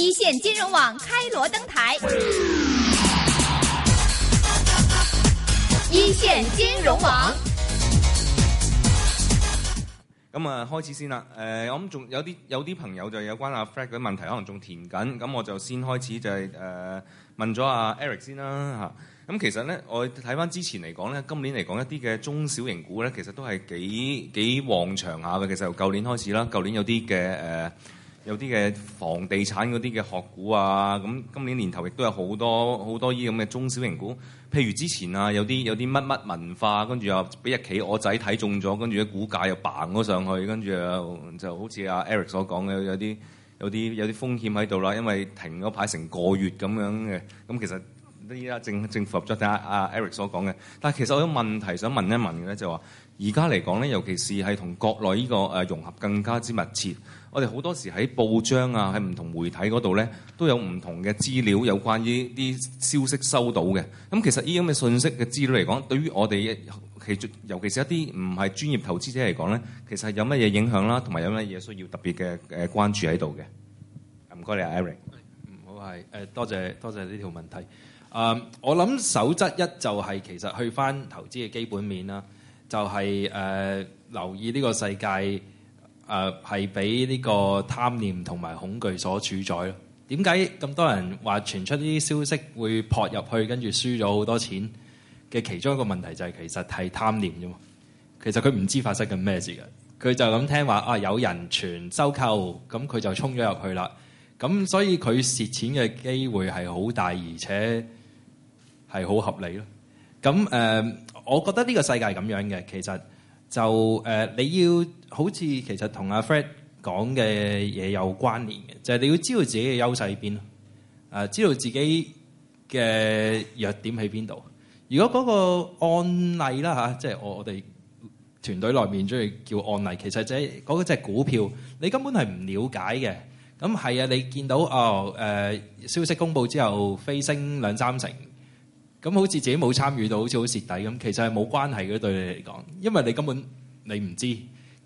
一線金融網開鑼登台，一線金融網咁啊開始先啦，誒、呃，我諗仲有啲有啲朋友就有關阿、啊、Fred 嘅問題，可能仲填緊，咁我就先開始就係、是、誒、呃、問咗阿、啊、Eric 先啦吓。咁、啊、其實咧，我睇翻之前嚟講咧，今年嚟講一啲嘅中小型股咧，其實都係幾幾旺場下嘅。其實由舊年開始啦，舊年有啲嘅誒。呃有啲嘅房地產嗰啲嘅學股啊，咁今年年頭亦都有好多好多呢啲咁嘅中小型股，譬如之前啊，有啲有啲乜乜文化，跟住又俾日企我仔睇中咗，跟住啲股價又彈咗上去，跟住就就好似阿 Eric 所講嘅，有啲有啲有啲風險喺度啦，因為停咗牌成個月咁樣嘅，咁其實。依家政政府合作，睇下阿 Eric 所講嘅。但係其實我有問題想問一問嘅咧、就是，就話而家嚟講咧，尤其是係同國內呢、這個誒、呃、融合更加之密切。我哋好多時喺報章啊，喺唔同媒體嗰度咧，都有唔同嘅資料有關於啲消息收到嘅。咁、嗯、其實呢啲咁嘅信息嘅資料嚟講，對於我哋尤其尤其是一啲唔係專業投資者嚟講咧，其實有乜嘢影響啦、啊，同埋有乜嘢需要特別嘅誒關注喺度嘅？唔該你阿 Eric。嗯，好係誒，多謝多謝呢條問題。啊，uh, 我諗守則一就係、是、其實去翻投資嘅基本面啦，就係、是、誒、uh, 留意呢個世界誒係俾呢個貪念同埋恐懼所主宰咯。點解咁多人話傳出呢啲消息會撲入去，跟住輸咗好多錢嘅，其中一個問題就係其實係貪念啫嘛。其實佢唔知發生緊咩事嘅，佢就咁聽話啊，有人傳收購，咁佢就衝咗入去啦。咁所以佢蝕錢嘅機會係好大，而且。係好合理咯。咁誒、呃，我覺得呢個世界係咁樣嘅。其實就誒、呃，你要好似其實同阿 Fred 講嘅嘢有關聯嘅，就係、是、你要知道自己嘅優勢喺邊咯。啊，知道自己嘅弱點喺邊度。如果嗰個案例啦嚇，即、啊、係、就是、我我哋團隊內面中意叫案例，其實就係嗰個隻股票你根本係唔了解嘅。咁係啊，你見到哦誒、呃、消息公布之後飛升兩三成。咁好似自己冇參與到，好似好蝕底咁。其實係冇關係嘅，對你嚟講，因為你根本你唔知。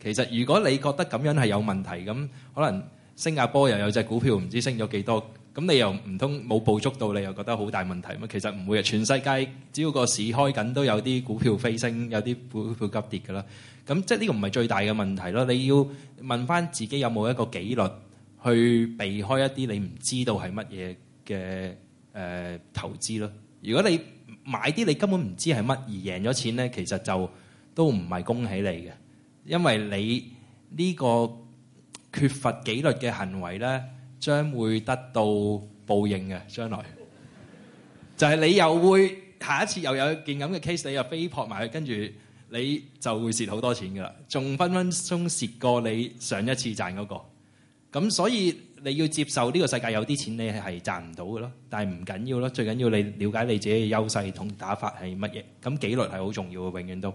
其實如果你覺得咁樣係有問題，咁可能新加坡又有隻股票唔知升咗幾多，咁你又唔通冇捕捉到，你又覺得好大問題咩？咁其實唔會啊。全世界只要個市開緊，都有啲股票飛升，有啲股票急跌嘅啦。咁即係呢個唔係最大嘅問題咯。你要問翻自己有冇一個紀律去避開一啲你唔知道係乜嘢嘅誒投資咯。如果你買啲你根本唔知係乜而贏咗錢咧，其實就都唔係恭喜你嘅，因為你呢個缺乏紀律嘅行為咧，將會得到報應嘅。將來 就係你又會下一次又有件咁嘅 case，你又飛撲埋去，跟住你就會蝕好多錢㗎啦，仲分分鐘蝕過你上一次賺嗰個。咁所以你要接受呢個世界有啲錢你係係賺唔到嘅咯，但係唔緊要咯，最緊要你了解你自己嘅優勢同打法係乜嘢，咁紀律係好重要嘅，永遠都。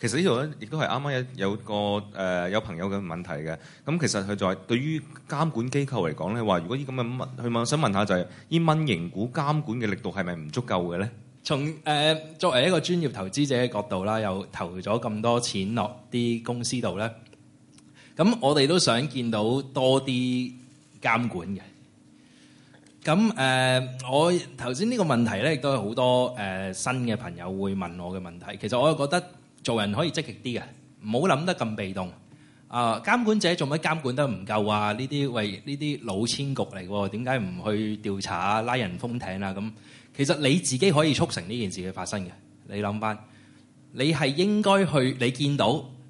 其實呢度咧亦都係啱啱有個個、呃、有朋友嘅問題嘅，咁其實佢就係對於監管機構嚟講咧話，如果依咁嘅問，我想問下就係、是、呢蚊型股監管嘅力度係咪唔足夠嘅咧？從、呃、作為一個專業投資者嘅角度啦，又投咗咁多錢落啲公司度咧。咁我哋都想見到多啲監管嘅。咁誒，我頭先呢個問題呢，亦都有好多誒新嘅朋友會問我嘅問題。其實我又覺得做人可以積極啲嘅，唔好諗得咁被動。啊，監管者做乜監管得唔夠啊？呢啲喂，呢啲老千局嚟嘅喎，點解唔去調查啊、拉人封艇啊？咁其實你自己可以促成呢件事嘅發生嘅。你諗翻，你係應該去，你見到。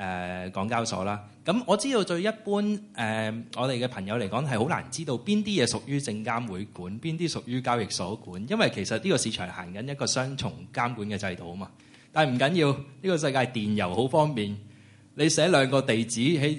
誒、呃、港交所啦，咁我知道對一般誒、呃、我哋嘅朋友嚟講係好難知道邊啲嘢屬於證監會管，邊啲屬於交易所管，因為其實呢個市場行緊一個雙重監管嘅制度啊嘛。但係唔緊要，呢個世界電郵好方便，你寫兩個地址喺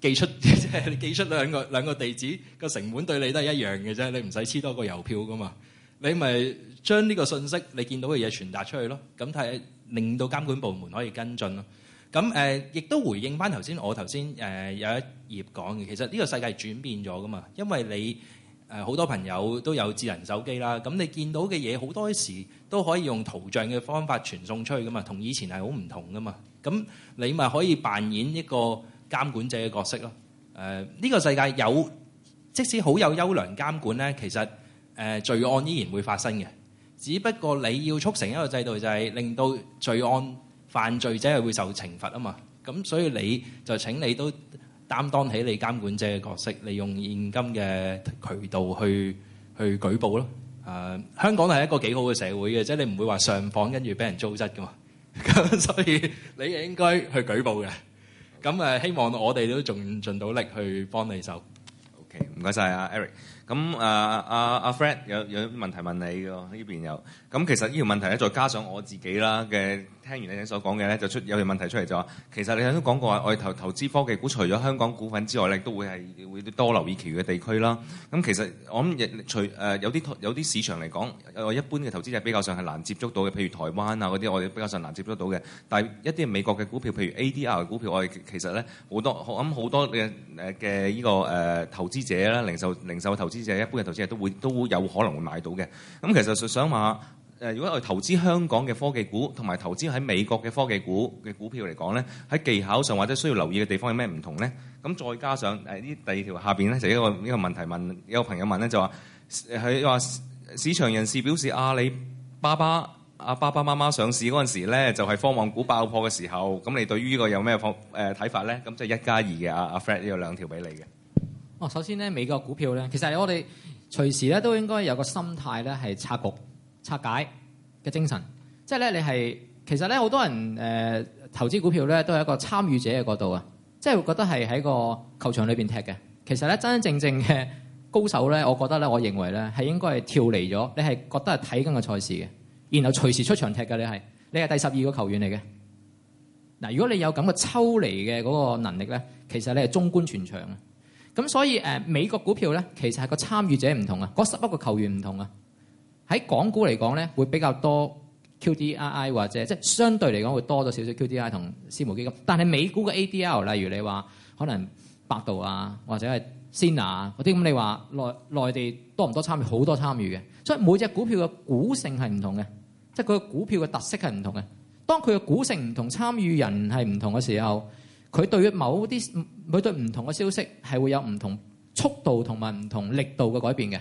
寄出，即係你寄出兩個兩個地址個成本對你都係一樣嘅啫。你唔使黐多個郵票噶嘛，你咪將呢個信息你見到嘅嘢傳達出去咯。咁睇令到監管部門可以跟進咯。咁誒，亦都回應返頭先，我頭先誒有一頁講嘅，其實呢個世界轉變咗㗎嘛，因為你誒好多朋友都有智能手機啦，咁你見到嘅嘢好多時都可以用圖像嘅方法傳送出去㗎嘛，同以前係好唔同㗎嘛。咁你咪可以扮演一個監管者嘅角色囉。誒，呢個世界有即使好有優良監管呢，其實誒罪案依然會發生嘅。只不過你要促成一個制度，就係令到罪案。犯罪者係會受懲罰啊嘛，咁所以你就請你都擔當起你監管者嘅角色，利用現今嘅渠道去去舉報咯。誒，香港係一個幾好嘅社會嘅，即係你唔會話上訪跟住俾人租質噶嘛。咁所以你應該去舉報嘅。咁誒，希望我哋都盡盡到力去幫你手。OK，唔該曬啊，Eric。咁啊啊啊！Fred 有有啲問題問你㗎喎，呢邊有。咁其實呢條問題咧，再加上我自己啦嘅，聽完你所講嘅咧，就出有條問題出嚟就話、是，其實你哋都講過話，我哋投投資科技股，除咗香港股份之外，咧都會係會多留意其他嘅地區啦。咁其實我諗亦除誒、呃、有啲有啲市場嚟講，我一般嘅投資者比較上係難接觸到嘅，譬如台灣啊嗰啲，我哋比較上難接觸到嘅。但係一啲美國嘅股票，譬如 ADR 股票，我哋其實咧好多我諗好多嘅誒嘅呢個誒、呃、投資者啦，零售零售投資。一般嘅投資者都會都會有可能會買到嘅。咁其實就想話誒，如果我哋投資香港嘅科技股，同埋投資喺美國嘅科技股嘅股票嚟講咧，喺技巧上或者需要留意嘅地方有咩唔同咧？咁再加上誒呢第二條下邊咧就一個一個問題問，有個朋友問咧就話佢話市場人士表示阿里巴巴阿爸爸媽媽上市嗰陣時咧就係科網股爆破嘅時候，咁你對於呢個有咩方誒睇法咧？咁即係一加二嘅啊阿 Fred 有兩條俾你嘅。哦，首先咧，美國股票咧，其實我哋隨時咧都應該有個心態咧，係拆局、拆解嘅精神。即係咧，你係其實咧，好多人誒、呃、投資股票咧，都係一個參與者嘅角度啊。即係會覺得係喺個球場裏邊踢嘅。其實咧，真真正正嘅高手咧，我覺得咧，我認為咧，係應該係跳離咗。你係覺得係睇緊個賽事嘅，然後隨時出場踢嘅。你係你係第十二個球員嚟嘅。嗱，如果你有咁嘅抽離嘅嗰個能力咧，其實你係中觀全場啊。咁所以誒、呃，美國股票咧，其實係個參與者唔同啊，嗰十一個球員唔同啊。喺港股嚟講咧，會比較多 QDII 或者即係相對嚟講會多咗少少 QDII 同私募基金，但係美股嘅 ADL，例如你話可能百度啊，或者係 Sina 啊嗰啲咁，那些咁你話內內地多唔多參與？好多參與嘅，所以每隻股票嘅股性係唔同嘅，即係佢嘅股票嘅特色係唔同嘅。當佢嘅股性唔同，參與人係唔同嘅時候。佢對於某啲，佢對唔同嘅消息係會有唔同速度同埋唔同力度嘅改變嘅。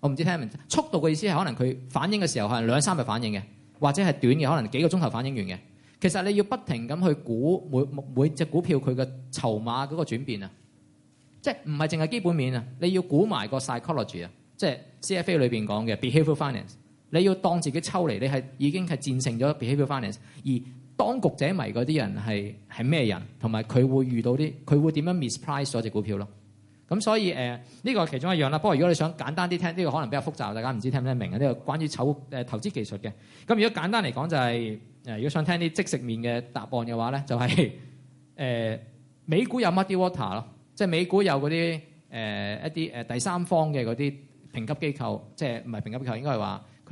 我唔知聽唔明，速度嘅意思係可能佢反應嘅時候係兩三日反應嘅，或者係短嘅，可能幾個鐘頭反應完嘅。其實你要不停咁去估每每隻股票佢嘅籌碼嗰個轉變啊，即係唔係淨係基本面啊？你要估埋個 psychology 啊，即 CFA 裏邊講嘅 behavioral finance。你要當自己抽離，你係已經係戰勝咗 behavioral finance 而。當局者迷嗰啲人係係咩人？同埋佢會遇到啲佢會點樣 misprice 嗰隻股票咯？咁所以誒呢、呃這個係其中一樣啦。不過如果你想簡單啲聽，呢、這個可能比較複雜，大家唔知聽唔聽明啊？呢、這個關於炒誒投資技術嘅。咁如果簡單嚟講就係、是、誒，如、呃、果想聽啲即食麵嘅答案嘅話咧，就係、是、誒、呃、美股有 muddy water 咯，即係美股有嗰啲誒一啲誒、呃、第三方嘅嗰啲評級機構，即係唔係評級機構應該係話。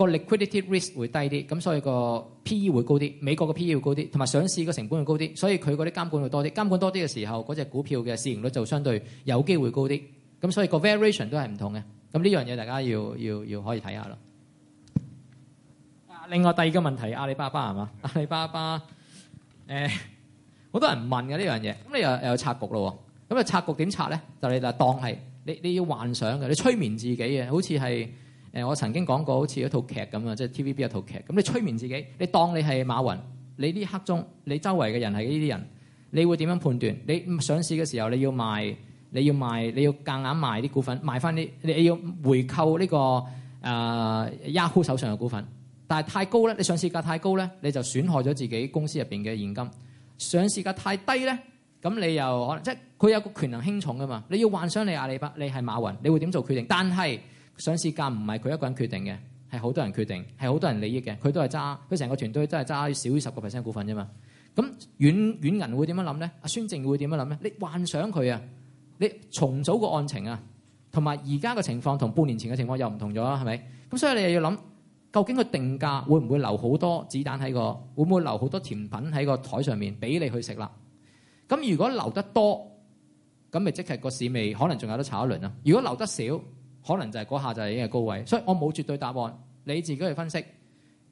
個 liquidity risk 會低啲，咁所以個 P E 會高啲，美國個 P E 會高啲，同埋上市個成本會高啲，所以佢嗰啲監管會多啲，監管多啲嘅時候，嗰隻股票嘅市盈率就相對有機會高啲，咁所以個 variation 都係唔同嘅，咁呢樣嘢大家要要要可以睇下咯。另外第二個問題，阿里巴巴係嘛？阿里巴巴誒，好多人唔問嘅呢樣嘢，咁你又有拆局咯喎，咁啊拆局點拆咧？就係你嗱，當係你你要幻想嘅，你催眠自己嘅，好似係。誒，我曾經講過好似一套劇咁啊，即、就、係、是、TVB 一套劇。咁你催眠自己，你當你係馬雲，你呢刻鐘你周圍嘅人係呢啲人，你會點樣判斷？你上市嘅時候你要賣，你要賣，你要夾硬賣啲股份，賣翻啲，你要回購呢、這個誒、呃、Yahoo 手上嘅股份。但係太高咧，你上市價太高咧，你就損害咗自己公司入邊嘅現金。上市價太低咧，咁你又可能即係佢有個權衡輕重噶嘛？你要幻想你阿里巴巴，你係馬雲，你會點做決定？但係。上市價唔係佢一個人決定嘅，係好多人決定，係好多人利益嘅。佢都係揸，佢成個團隊都係揸少於十個 percent 股份啫嘛。咁軟、軟銀會點樣諗咧？阿孫正會點樣諗咧？你幻想佢啊，你重組個案情啊，同埋而家嘅情況同半年前嘅情況又唔同咗啦，係咪？咁所以你又要諗，究竟個定價會唔會留好多子彈喺、個？會唔會留好多甜品喺個台上面俾你去食啦？咁如果留得多，咁咪即係個市尾可能仲有得炒一輪啊；如果留得少，可能就係嗰下就係已經係高位，所以我冇絕對答案。你自己去分析，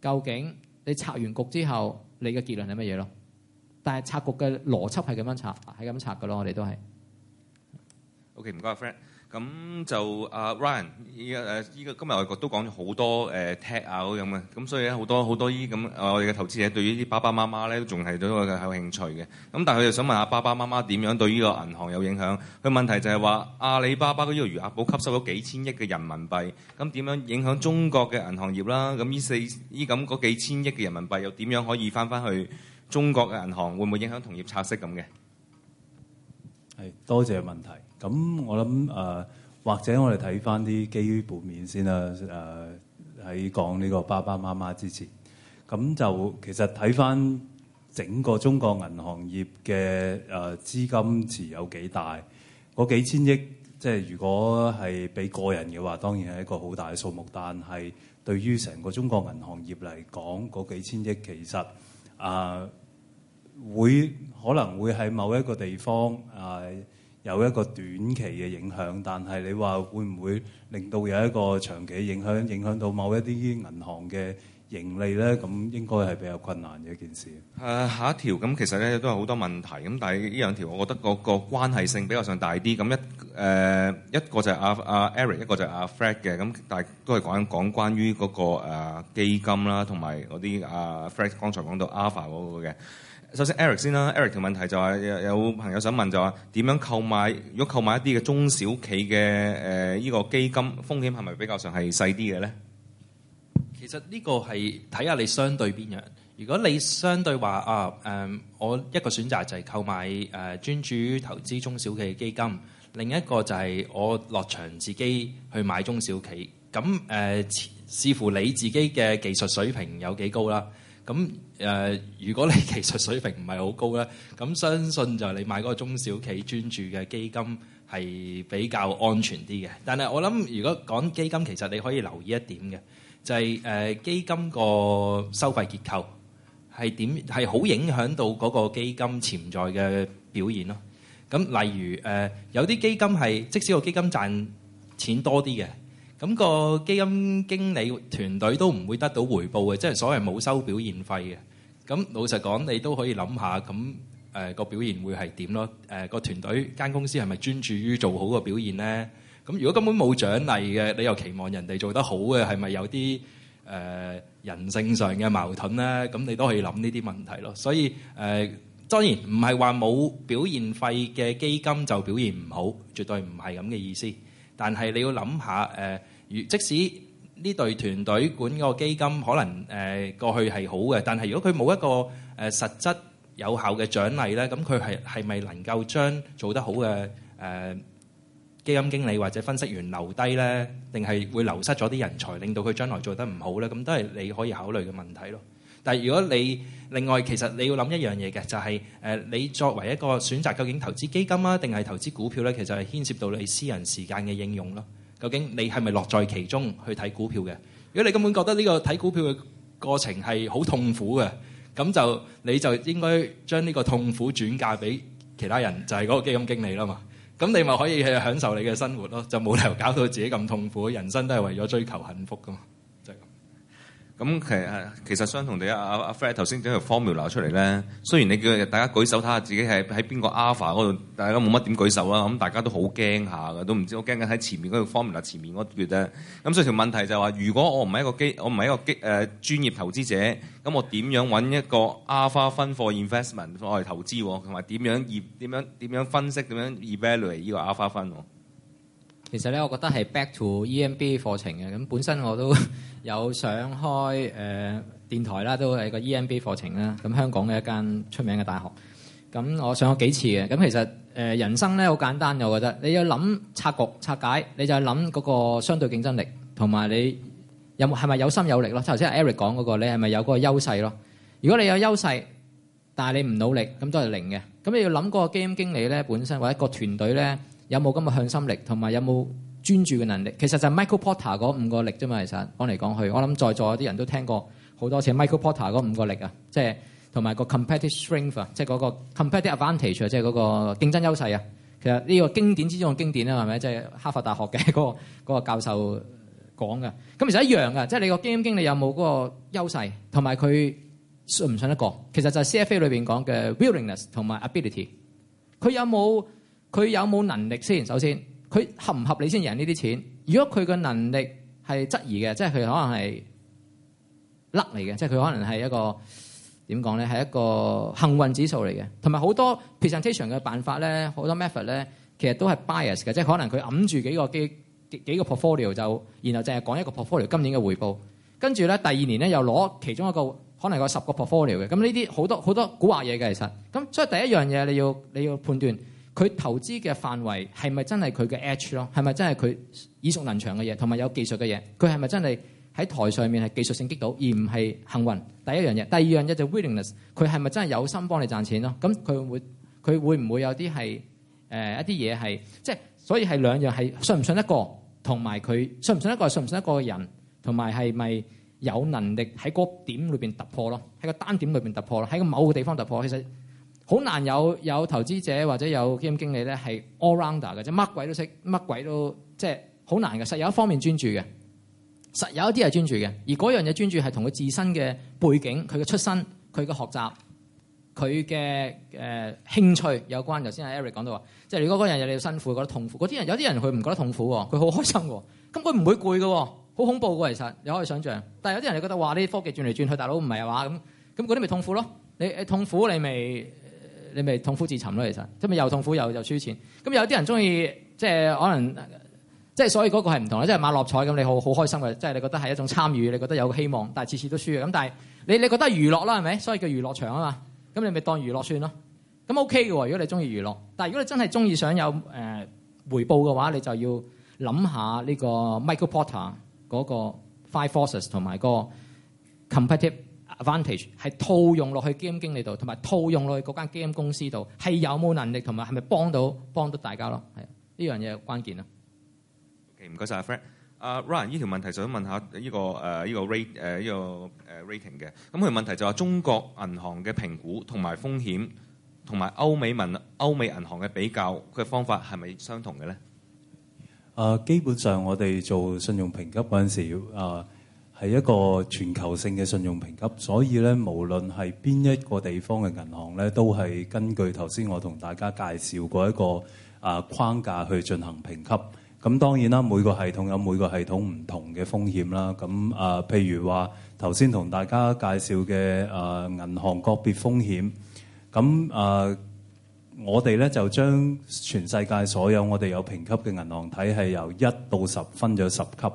究竟你拆完局之後，你嘅結論係乜嘢咯？但係拆局嘅邏輯係點樣拆？係咁樣拆嘅咯，我哋都係。O.K. 唔該 friend 咁就阿、uh, Ryan 呢個今日我哋都講咗好多誒 Tech 啊嗰種嘅，咁所以咧，好多好多啲咁我哋嘅投資者對於啲爸爸媽媽咧都仲係對我嘅有興趣嘅。咁但係佢就想問下爸爸媽媽點樣對呢個銀行有影響？佢問題就係話阿里巴巴嗰依個餘額寶吸收咗幾千億嘅人民幣，咁點樣影響中國嘅銀行業啦？咁呢四呢咁嗰幾千億嘅人民幣又點樣可以返返去中國嘅銀行？會唔會影響同業拆息咁嘅？係，多謝問題。咁我諗誒、呃，或者我哋睇翻啲基本面先啦。誒喺講呢個爸爸媽媽之前，咁就其實睇翻整個中國銀行業嘅誒、呃、資金持有幾大嗰幾千億，即係如果係俾個人嘅話，當然係一個好大嘅數目。但係對於成個中國銀行業嚟講，嗰幾千億其實啊～、呃會可能會喺某一個地方誒、呃、有一個短期嘅影響，但係你話會唔會令到有一個長期影響影響到某一啲銀行嘅盈利咧？咁應該係比較困難嘅一件事。誒下一條咁其實咧都有好多問題咁，但係呢兩條我覺得個個關係性比較上大啲。咁一誒、呃、一個就係阿阿 Eric，一個就係阿，阿，阿 Fred 嘅，咁但係都係講講關於嗰、嗰個誒、啊、基金啦，同埋嗰啲阿 Fred 剛才講到 Alpha 嗰個嘅。首先 Eric 先啦，Eric 嘅問題就係、是、有朋友想問就話點樣購買？如果購買一啲嘅中小企嘅誒呢個基金，風險係咪比較上係細啲嘅咧？其實呢個係睇下你相對邊樣。如果你相對話啊誒、呃，我一個選擇就係購買誒、呃、專注投資中小企嘅基金，另一個就係我落場自己去買中小企。咁誒、呃，視乎你自己嘅技術水平有幾高啦。咁誒，如果你技術水平唔係好高咧，咁相信就係你買嗰個中小企專注嘅基金係比較安全啲嘅。但係我諗，如果講基金，其實你可以留意一點嘅，就係誒基金個收費結構係點係好影響到嗰個基金潛在嘅表現咯。咁例如誒，有啲基金係即使個基金賺錢多啲嘅。咁個基金經理團隊都唔會得到回報嘅，即係所謂冇收表現費嘅。咁老實講，你都可以諗下，咁誒個表現會係點囉？誒個團隊間公司係咪專注於做好個表現呢？咁如果根本冇獎勵嘅，你又期望人哋做得好嘅，係咪有啲誒人性上嘅矛盾呢？咁你都可以諗呢啲問題囉。所以誒，當然唔係話冇表現費嘅基金就表現唔好，絕對唔係咁嘅意思。但係你要諗下，誒，如即使呢隊團隊管嗰個基金，可能誒過去係好嘅，但係如果佢冇一個誒實質有效嘅獎勵咧，咁佢係係咪能夠將做得好嘅誒基金經理或者分析員留低咧，定係會流失咗啲人才，令到佢將來做得唔好咧？咁都係你可以考慮嘅問題咯。但係如果你另外其實你要諗一樣嘢嘅，就係誒你作為一個選擇，究竟投資基金啊定係投資股票咧？其實係牽涉到你私人時間嘅應用咯。究竟你係咪樂在其中去睇股票嘅？如果你根本覺得呢個睇股票嘅過程係好痛苦嘅，咁就你就應該將呢個痛苦轉嫁俾其他人，就係嗰個基金經理啦嘛。咁你咪可以去享受你嘅生活咯，就冇理由搞到自己咁痛苦，人生都係為咗追求幸福㗎嘛。咁其實其實相同地，阿、啊、阿阿、啊、Fred 頭、啊、先整條 formula 出嚟咧。雖然你叫大家舉手睇下自己係喺邊個 Alpha 嗰度，大家都冇乜點舉手啦。咁大家都好驚下都唔知我驚緊喺前面嗰條 formula 前面嗰段得，咁所以條問題就係、是、話，如果我唔係一個我唔係一個機誒、呃、專業投資者，咁我點樣揾一個 Alpha 分貨 investment 我嚟投資同埋點樣點樣點樣分析點樣 evaluate 呢個 Alpha 分喎？其實咧，我覺得係 back to EMBA 課程嘅。咁本身我都有上開誒電台啦，都係個 EMBA 課程啦。咁香港嘅一間出名嘅大學，咁我上過幾次嘅。咁其實誒人生咧好簡單嘅，我覺得你要諗拆局拆解，你就係諗嗰個相對競爭力，同埋你有冇係咪有心有力咯？頭先 Eric 講嗰個，你係咪有嗰個優勢咯？如果你有優勢，但係你唔努力，咁都係零嘅。咁你要諗嗰個 game 經理咧，本身或者個團隊咧。有冇咁嘅向心力，同埋有冇專注嘅能力？其實就係 Michael Porter 嗰五個力啫嘛。其實講嚟講去，我諗在座啲人都聽過好多次 Michael Porter 嗰五個力啊，即係同埋個 competitive strength 啊，即係嗰個 competitive advantage 啊，即係嗰個競爭優勢啊。其實呢個經典之中嘅經典啊，係咪？即係哈佛大學嘅嗰個嗰個教授講嘅。咁其實一樣嘅，即係你個基金經理有冇嗰個優勢，同埋佢信唔信得過？其實就係 CFA 裏邊講嘅 willingness 同埋 ability，佢有冇？佢有冇能力先？首先，佢合唔合理先贏呢啲錢？如果佢嘅能力係質疑嘅，即係佢可能係甩嚟嘅，即係佢可能係一個點講咧？係一個幸運指數嚟嘅。同埋好多 presentation 嘅辦法咧，好多 method 咧，其實都係 bias 嘅，即係可能佢揞住幾個，幾個 portfolio 就，然後淨係講一個 portfolio 今年嘅回報，跟住咧第二年咧又攞其中一個可能個十個 portfolio 嘅。咁呢啲好多好多古惑嘢嘅其實。咁所以第一樣嘢你要你要判斷。佢投資嘅範圍係咪真係佢嘅 edge 咯？係咪真係佢耳熟能詳嘅嘢，同埋有，有技術嘅嘢？佢係咪真係喺台上面係技術性擊倒，而唔係幸運？第一樣嘢，第二樣嘢就係 willingness，佢係咪真係有心幫你賺錢咯？咁佢會佢會唔會有啲係誒一啲嘢係即係？所以係兩樣係信唔信得過，同埋佢信唔信得過，信唔信得過嘅人，同埋係咪有能力喺嗰點裏邊突破咯？喺個單點裏邊突破咯？喺個某個地方突破，其實。好難有有投資者或者有基金經理咧係 all rounder 嘅，即乜鬼都識，乜鬼都即係好難嘅。實有一方面專注嘅，實有一啲係專注嘅，而嗰樣嘢專注係同佢自身嘅背景、佢嘅出身、佢嘅學習、佢嘅誒興趣有關。頭先阿 Eric 講到話，即係如果嗰樣嘢你要辛苦，覺得痛苦，嗰啲人，有啲人佢唔覺得痛苦喎，佢好開心喎，咁佢唔會攰嘅，好恐怖嘅其實，你可以想象。但係有啲人你覺得話啲科技轉嚟轉去，大佬唔係話咁，咁嗰啲咪痛苦咯？你痛苦你咪～你咪痛苦自尋咯，其實，即咪又痛苦又又輸錢。咁有啲人中意，即係可能，即係所以嗰個係唔同啦。即係馬諾彩咁，你好好開心嘅，即係你覺得係一種參與，你覺得有個希望，但係次次都輸嘅。咁但係你你覺得娛樂啦，係咪？所以叫娛樂場啊嘛。咁你咪當娛樂算咯。咁 OK 嘅喎，如果你中意娛樂。但係如果你真係中意想有、呃、回報嘅話，你就要諗下呢個 Michael Porter 嗰個 Five Forces 同埋個 Competitive。advantage 係套用落去基金經理度，同埋套用落去嗰間基金公司度，係有冇能力同埋係咪幫到幫到大家咯？係呢樣嘢關鍵咯。OK，唔該晒，阿 Frank。阿 Ryan 呢條問題想問下呢、呢個誒呢、uh, 個 rate 誒、uh, 呢個誒 rating 嘅。咁佢問題就話中國銀行嘅評估同埋風險同埋歐美民歐美銀行嘅比較佢嘅方法係咪相同嘅咧？誒，uh, 基本上我哋做信用評級嗰陣時誒。Uh, 係一個全球性嘅信用評級，所以咧，無論係邊一個地方嘅銀行咧，都係根據頭先我同大家介紹過一個啊框架去進行評級。咁當然啦，每個系統有每個系統唔同嘅風險啦。咁啊，譬如話頭先同大家介紹嘅啊銀行個別風險，咁啊，我哋咧就將全世界所有我哋有評級嘅銀行體系由一到十分咗十級。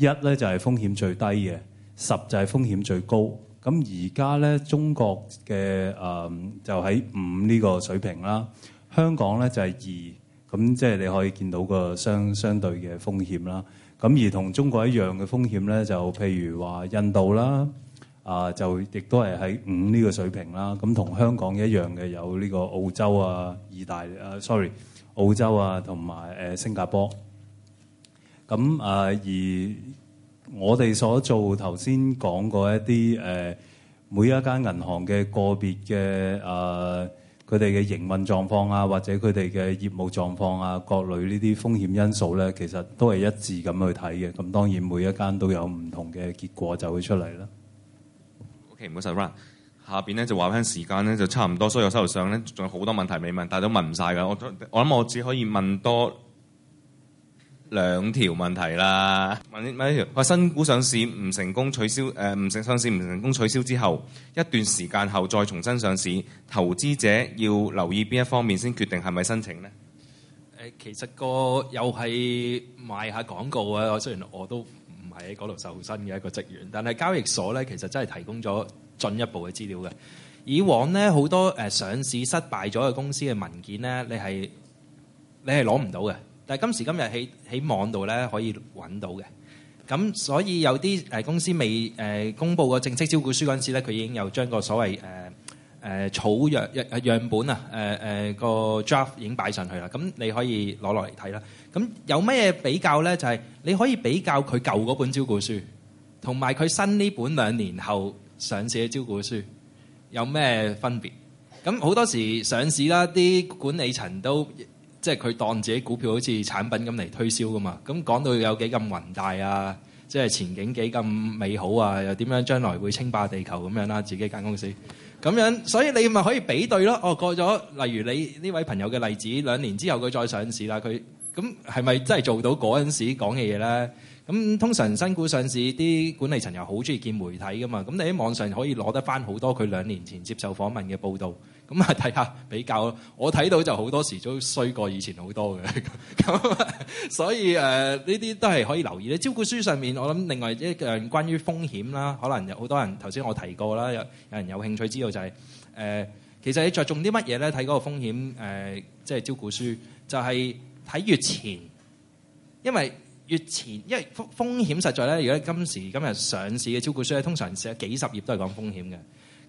一咧就係風險最低嘅，十就係風險最高。咁而家咧中國嘅誒就喺五呢個水平啦，香港咧就係二。咁即係你可以見到個相相對嘅風險啦。咁而同中國一樣嘅風險咧，就譬如話印度啦，啊就亦都係喺五呢個水平啦。咁同香港一樣嘅有呢個澳洲啊、意大誒，sorry，澳洲啊同埋誒新加坡。咁啊，而我哋所做頭先講過一啲誒、啊，每一間銀行嘅個別嘅啊，佢哋嘅營運狀況啊，或者佢哋嘅業務狀況啊，各類呢啲風險因素咧，其實都係一致咁去睇嘅。咁當然每一間都有唔同嘅結果就會出嚟啦。OK，唔好曬，Run 下。下邊咧就話翻時間咧就差唔多，所以我收台上咧仲有好多問題未問，但係都問唔晒㗎。我我諗我只可以問多兩條問題啦，問呢問呢條，話新股上市唔成功取消，誒唔成上市唔成功取消之後，一段時間後再重新上市，投資者要留意邊一方面先決定係咪申請呢？誒，其實個又係賣下廣告啊！雖然我都唔係喺嗰度受薪嘅一個職員，但係交易所咧，其實真係提供咗進一步嘅資料嘅。以往咧，好多誒上市失敗咗嘅公司嘅文件咧，你係你係攞唔到嘅。但係今時今日喺喺網度咧可以揾到嘅，咁所以有啲誒公司未誒、呃、公佈個正式招股書嗰陣時咧，佢已經有將個所謂誒誒、呃、草藥樣樣本啊誒誒個 draft 已經擺上去啦。咁你可以攞落嚟睇啦。咁有咩比較咧？就係、是、你可以比較佢舊嗰本招股書同埋佢新呢本兩年後上市嘅招股書有咩分別？咁好多時上市啦，啲管理層都。即係佢當自己股票好似產品咁嚟推銷㗎嘛，咁講到有幾咁宏大啊，即係前景幾咁美好啊，又點樣將來會稱霸地球咁樣啦、啊，自己間公司咁樣，所以你咪可以比對咯。哦，過咗，例如你呢位朋友嘅例子，兩年之後佢再上市啦，佢咁係咪真係做到嗰陣時講嘅嘢咧？咁通常新股上市啲管理層又好鍾意見媒體㗎嘛，咁你喺網上可以攞得返好多佢兩年前接受訪問嘅報導。咁啊，睇下比較，我睇到就好多時都衰過以前好多嘅，咁 所以誒，呢、呃、啲都係可以留意咧。招股書上面，我諗另外一樣關於風險啦，可能有好多人頭先我提過啦，有有人有興趣知道就係、是呃、其實你着重啲乜嘢咧？睇嗰個風險即係、呃就是、招股書，就係、是、睇月前，因為月前，因為風風險實在咧，如果今時今日上市嘅招股書咧，通常寫幾十頁都係講風險嘅，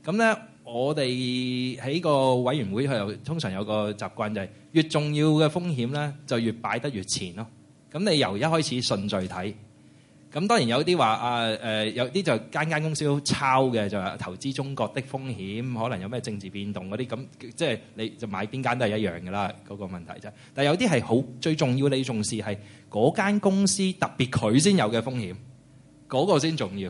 咁咧。我哋喺個委員會佢通常有一個習慣，就係越重要嘅風險咧就越擺得越前咯。咁你由一開始順序睇，咁當然有啲話啊誒，有啲就間間公司都抄嘅就係、是、投資中國的風險，可能有咩政治變動嗰啲，咁即係你就買邊間都係一樣嘅啦，嗰、那個問題啫。但係有啲係好最重要，你重視係嗰間公司特別佢先有嘅風險，嗰、那個先重要。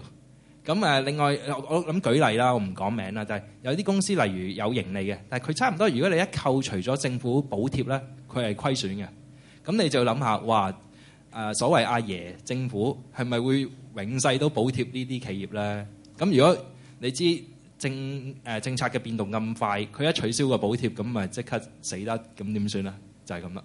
咁誒，另外我我諗舉例啦，我唔講名啦，就係有啲公司例如有盈利嘅，但係佢差唔多。如果你一扣除咗政府補貼咧，佢係虧損嘅。咁你就諗下，哇誒，所謂阿爺政府係咪會永世都補貼呢啲企業咧？咁如果你知政誒政策嘅變動咁快，佢一取消個補貼，咁咪即刻死得咁點算啊？就係咁啦。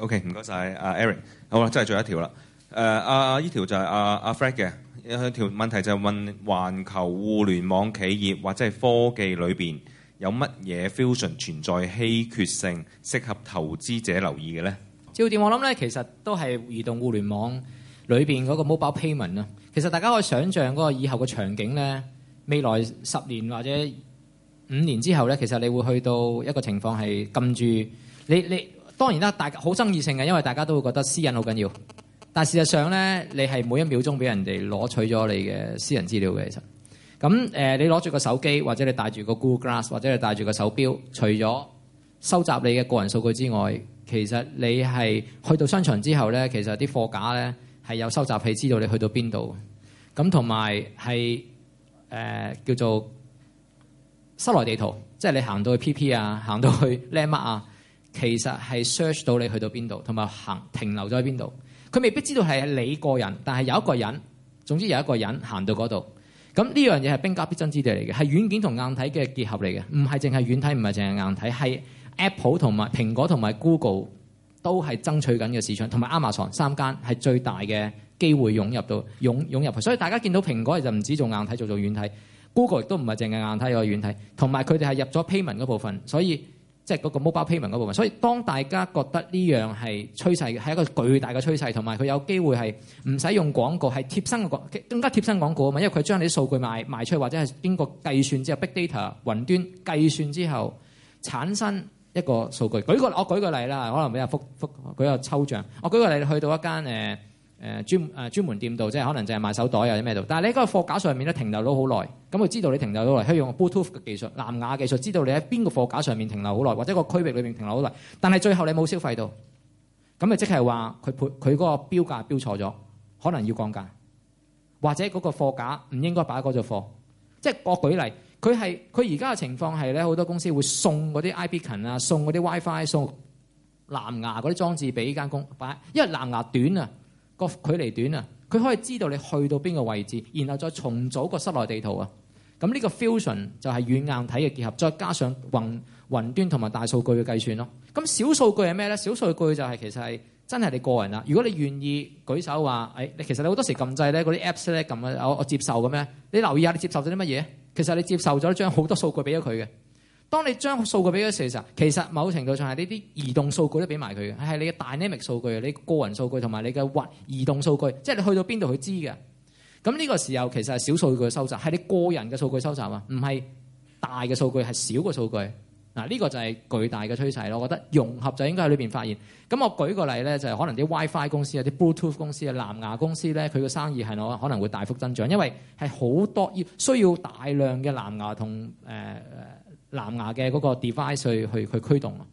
O.K. 唔該晒，阿 Eric。好啦，真係最後一條啦。誒、啊，阿阿呢條就係阿阿 Fred 嘅。有條問題就係問環球互聯網企業或者係科技裏邊有乜嘢 fusion 存在稀缺性，適合投資者留意嘅咧？照點我諗咧，其實都係移動互聯網裏邊嗰個 mobile payment 啊。其實大家可以想象嗰個以後嘅場景咧，未來十年或者五年之後咧，其實你會去到一個情況係禁住你你。當然啦，大家好爭議性嘅，因為大家都會覺得私隱好緊要。但事實上咧，你係每一秒鐘俾人哋攞取咗你嘅私人資料嘅。其實咁誒，你攞住個手機，或者你戴住個 Google Glass，或者你戴住個手錶，除咗收集你嘅個人數據之外，其實你係去到商場之後咧，其實啲貨架咧係有收集器知道你去到邊度。咁同埋係誒叫做室內地圖，即係你行到去 P P 啊，行到去 Landmark 啊，其實係 search 到你去到邊度，同埋行停留咗喺邊度。佢未必知道係你個人，但係有一個人，總之有一個人行到嗰度。咁呢樣嘢係兵家必爭之地嚟嘅，係軟件同硬體嘅結合嚟嘅，唔係淨係軟體，唔係淨係硬體，係 Apple 同埋蘋果同埋 Google 都係爭取緊嘅市場，同埋 Amazon 三間係最大嘅機會湧入到湧湧入去。所以大家見到蘋果就唔止做硬體，做做軟體；Google 亦都唔係淨係硬體，有個軟體，同埋佢哋係入咗 payment 嗰部分，所以。即係嗰個 mobile payment 嗰部分，所以當大家覺得呢樣係趨勢，係一個巨大嘅趨勢，同埋佢有機會係唔使用廣告，係貼身嘅廣更加貼身廣告啊嘛，因為佢將你啲數據賣賣出去，或者係經過計算之後，big data 雲端計算之後產生一個數據。舉個我舉個例啦，可能比較複複，舉個抽象。我舉個例，去到一間誒誒專誒專門店度，即係可能淨係賣手袋或者咩度。但係你嗰個貨架上面咧停留咗好耐，咁佢知道你停留咗好耐，佢用 Bluetooth 嘅技術、藍牙技術知道你喺邊個貨架上面停留好耐，或者個區域裏面停留好耐。但係最後你冇消費到，咁咪即係話佢佢嗰個標價標錯咗，可能要降價，或者嗰個貨架唔應該擺嗰個貨。即係我舉例，佢係佢而家嘅情況係咧，好多公司會送嗰啲 iBeacon 啊，送嗰啲 WiFi，送藍牙嗰啲裝置俾呢間公擺，因為藍牙短啊。個距離短啊，佢可以知道你去到邊個位置，然後再重組個室內地圖啊。咁呢個 fusion 就係軟硬體嘅結合，再加上雲雲端同埋大數據嘅計算咯。咁小數據係咩咧？小數據就係、是、其實係真係你個人啊。如果你願意舉手話，誒、哎，你其實你好多時撳掣咧，嗰啲 apps 咧撳啊，我我接受㗎咩？你留意下，你接受咗啲乜嘢？其實你接受咗將好多數據俾咗佢嘅。當你將數據俾咗時，實其實某程度上係呢啲移動數據都俾埋佢嘅，係你嘅 dynamic 數據，你個人數據同埋你嘅滑移動數據，即係你去到邊度佢知嘅。咁、這、呢個時候其實係小數據收集，係你個人嘅數據收集啊，唔係大嘅數據，係小嘅數據。嗱，呢個就係巨大嘅趨勢咯。我覺得融合就應該喺裏面發現。咁我舉個例咧，就係、是、可能啲 WiFi 公司啊、啲 Bluetooth 公司啊、藍牙公司咧，佢嘅生意係可可能會大幅增長，因為係好多要需要大量嘅藍牙同誒。呃藍牙嘅個 device 去去去驅動啊。